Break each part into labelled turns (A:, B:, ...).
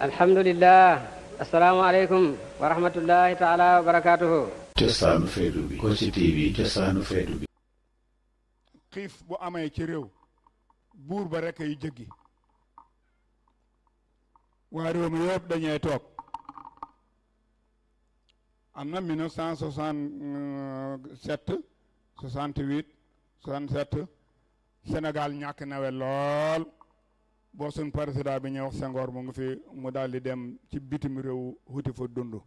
A: alhamdulilah asalaamaaleykum wa rahmatullahi taala wa barakaatuhu cosaanu bi Kossy bu amee ci réew buur ba rekk ay jëggi waa réew mi toog am na 1967 68 nawe lool boo suñ président bi ñuy wax Senghor mu ngi fi mu daal di dem ci bitim réew wuti fa dund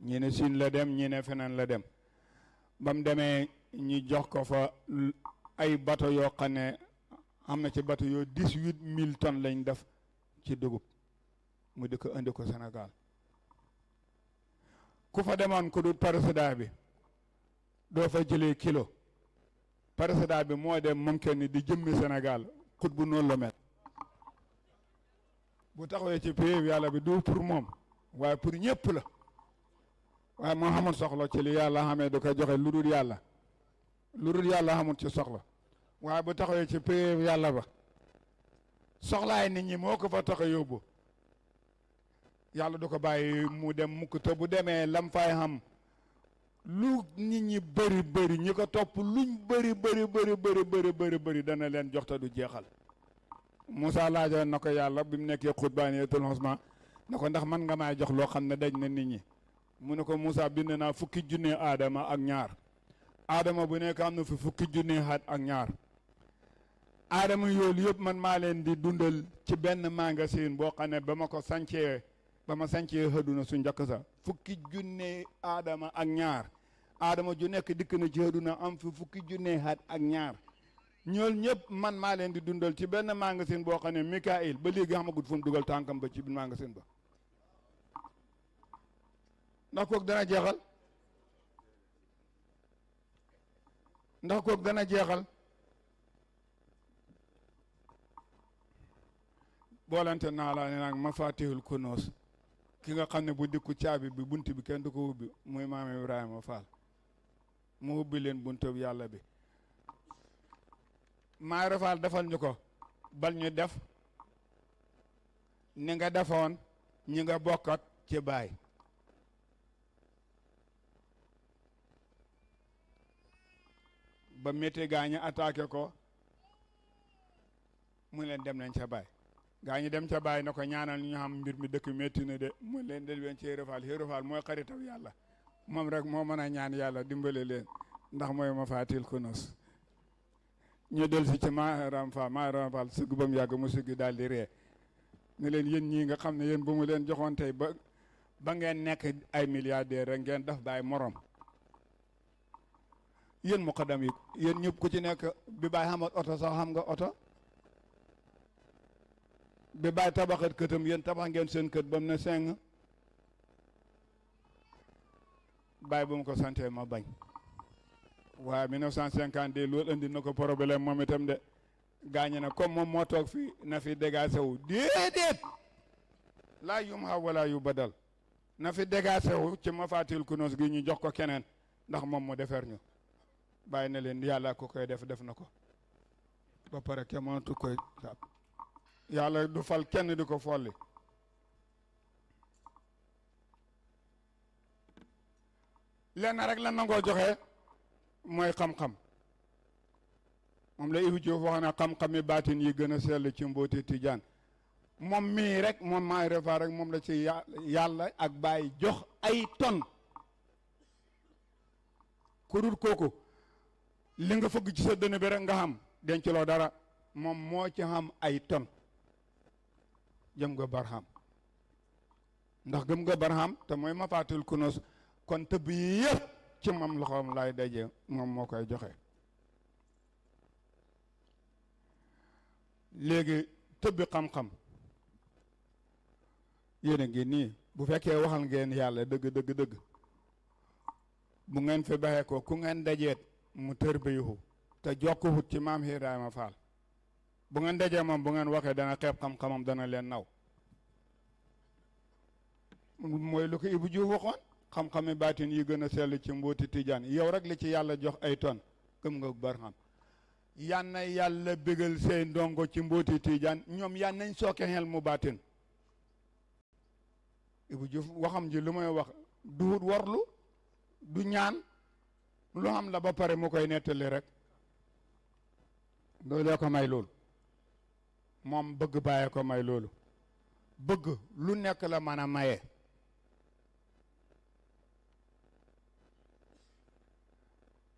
A: ñi ne la dem ñi ne feneen la dem ba demee ñi jox ko fa ay bato yoo xam ne am na ci bato yoo dix-huit mille ton lañ def ci dugub mu di ko indi ko Sénégal ku fa demoon ku dul président bi doo fa jëlee kilo président bi moo dem moom kenn di jëmmi Sénégal xut bu noonu la bu taxawee ci péew yàlla bi du pour moom waaye pour ñëpp la waaye moo xamul soxla ci li yàlla xamee du ko joxe lu dul yàlla lu dul yàlla xamul ci soxla waaye bu taxawee ci péew yàlla ba soxlaay nit ñi moo ko fa tax a yóbbu yàlla du ko bàyyi mu dem mukk te bu demee lam fay xam lu nit ñi bëri bëri ñi ko topp luñ bëri bëri bëri bëri bëri bëri dana leen jox te du jeexal Moussa laajoon na ko yàlla bi mu nekkee xutbaaniyatul husma ne ko ndax man nga maa jox loo xam ne daj na nit ñi mu ne ko Moussa bind naa fukki junne aadama ak ñaar aadama bu nekk am na fi fukki junne at ak ñaar aadama yooyu yëpp man maa leen di dundal ci benn magasin boo xam ne ba ma ko sancee ba ma sancee na su njëkk sa fukki junne aadama ak ñaar aadama ju nekk dikk na ci xëduna am fi fukki junne at ak ñaar ñool ñëpp man maa leen di dundal ci benn magasin boo xam ne Mikaël ba léegi xamagut fu mu dugal tànkam ba ci magasin ba ndax kook dana jeexal ndax kook dana jeexal boolante naa laa ne nag mafatihul kunoos ki nga xam ne bu dikku caabi bi bunt bi kenn du ko ubbi muy maam Ibrahima Fall mu ubbi leen buntu yàlla bi Maodo Fall defal ñu ko bal ñu def ni nga defoon ñi nga bokkat ci baay ba métti gaañu attaqué ko mu leen dem nañ ca baay gaañu dem ca baay na ko ñaanal ñu xam mbir mi dëkk métti na de mu leen del ween ci Héro Fall mooy xaritaw yàlla moom rek moo mën a ñaan yàlla dimbale leen ndax mooy ma faatil kunos ñu del si ci maaram faal maaram faal sëgg ba mu yàgg mu sëgg daal di ree ne leen yéen ñii nga xam ne yéen bu mu leen joxoon tey ba ba ngeen nekk ay milliardaire rek ngeen daf baay morom yéen muqaddam yi yéen ñëpp ku ci nekk bi baay xamat oto sax xam nga oto bi baay tabaxat këtam yéen tabax ngeen seen kët ba mu ne seng baay bu mu ko santee ma bañ waa waaw 1952 loolu indi na ko problème moom itam de gaañe na comme moom moo toog fi na fi dégacé wu déedéet laa yum xaw wala yu badal na fi dégacé wu ci ma fatil kunos gi ñu jox ko keneen ndax moom mu defar ñu bàyyi na leen yàlla ku koy def def na ko ba pare ke yàlla du fal kenn di ko folli lenn rek la nangoo joxe mooy xam-xam moom la Ibou Diouf wax na xam-xami baatin yi gën a sell ci mbooti Tijaan moom mii rek moom maay refa rek moom la ci yàlla ak bàyyi jox ay ton kurul kooku li nga fëgg ci sa dënn bi rek nga xam denc loo dara moom moo ci xam ay ton jëm nga barham ndax gëm nga barham te mooy ma faatul kon tëbb yëpp ci moom loxoom laay daje moom moo koy joxe léegi tëbbi xam-xam yéen a ngi nii bu fekkee waxal ngeen yàlla dëgg dëgg dëgg bu ngeen fi baxee ko ku ngeen dajeet mu tërbiyuhu te jokkuwut ci maam Ibrahima Fall bu ngeen dajee moom bu ngeen waxee dana xeeb xam-xamam dana leen naw mooy lu ko Ibou Diouf xam-xami baatin yi gën a sell ci mbooti tijaan yow rek li ci yàlla jox ay ton gëm nga barxam yan na yàlla bégal say ndongo ci mbooti tijaan ñoom yan nañ sooke xel mu baatin Ibou Diouf waxam ji lu may wax duut warlu du ñaan lu xam la ba pare mu koy nettali rek loolee ko may loolu moom bëgg bàyyi ko may loolu bëgg lu nekk la mën a maye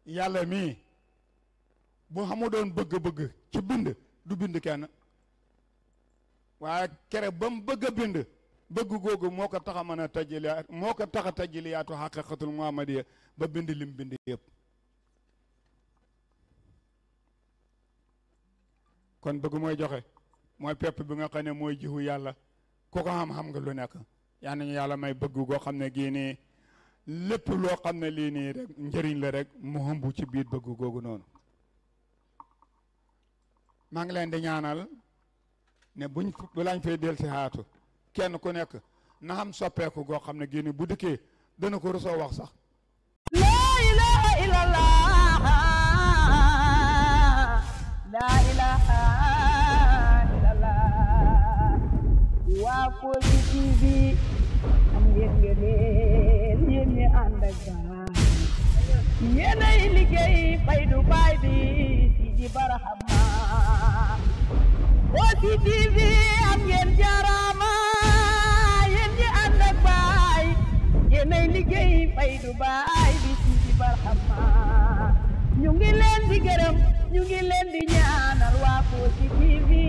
A: yàlla mii bu xamu doon bëgg-bëgg ci bind du bind kenn waaye kere bam bëgg a bind bëgg googu moo ko tax a mën a moo ko tax a tajiliyaatu xaqiqatul muhammadiya ba bind lim bind yëpp kon bëgg mooy joxe mooy pepp bi nga xam ne mooy jiwu yàlla ku ko xam-xam nga lu nekk yaa nañu yàlla may bëgg goo xam ne gii lépp loo xam ne lii nii njëriñ la rek mu hëmb ci biir bëgg googu noonu maa ngi leen di ñaanal ne buñ balaañ fay del si kenn ku nekk na soppeeku goo xam ne génne bu dikkee dana ko rusoo wax sax laa ilaha illallah waa Kossy TV am ngeen ngeen ñi ànd ak ñu ngi leen di gërëm ñu ngi leen di ñaanal waa Kossy TV